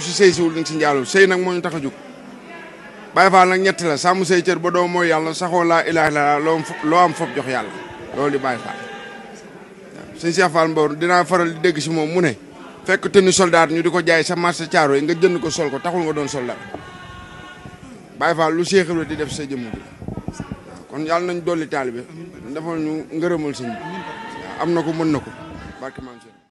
ku si sëy siwul dañ si njaaloo sëy nag moo ñu tax a jóg Baay Faal nag ñetti la sàmm say cër ba doom yàlla saxoo laa ilaaha illa loo am fop jox yàlla loolu di Baay Faal sëñ Cheikh Fall Mbaor dinaa faral di dégg si moom mu ne fekk tenue soldat ñu di ko jaay sa marché caaro yi nga jënd ko sol ko taxul nga doon soldat Baay Faal lu Cheikh di def sa jëmm bi kon yàlla nañ dolli taalibe defal ñu ngërëmal sëñ bi am na ko mën na ko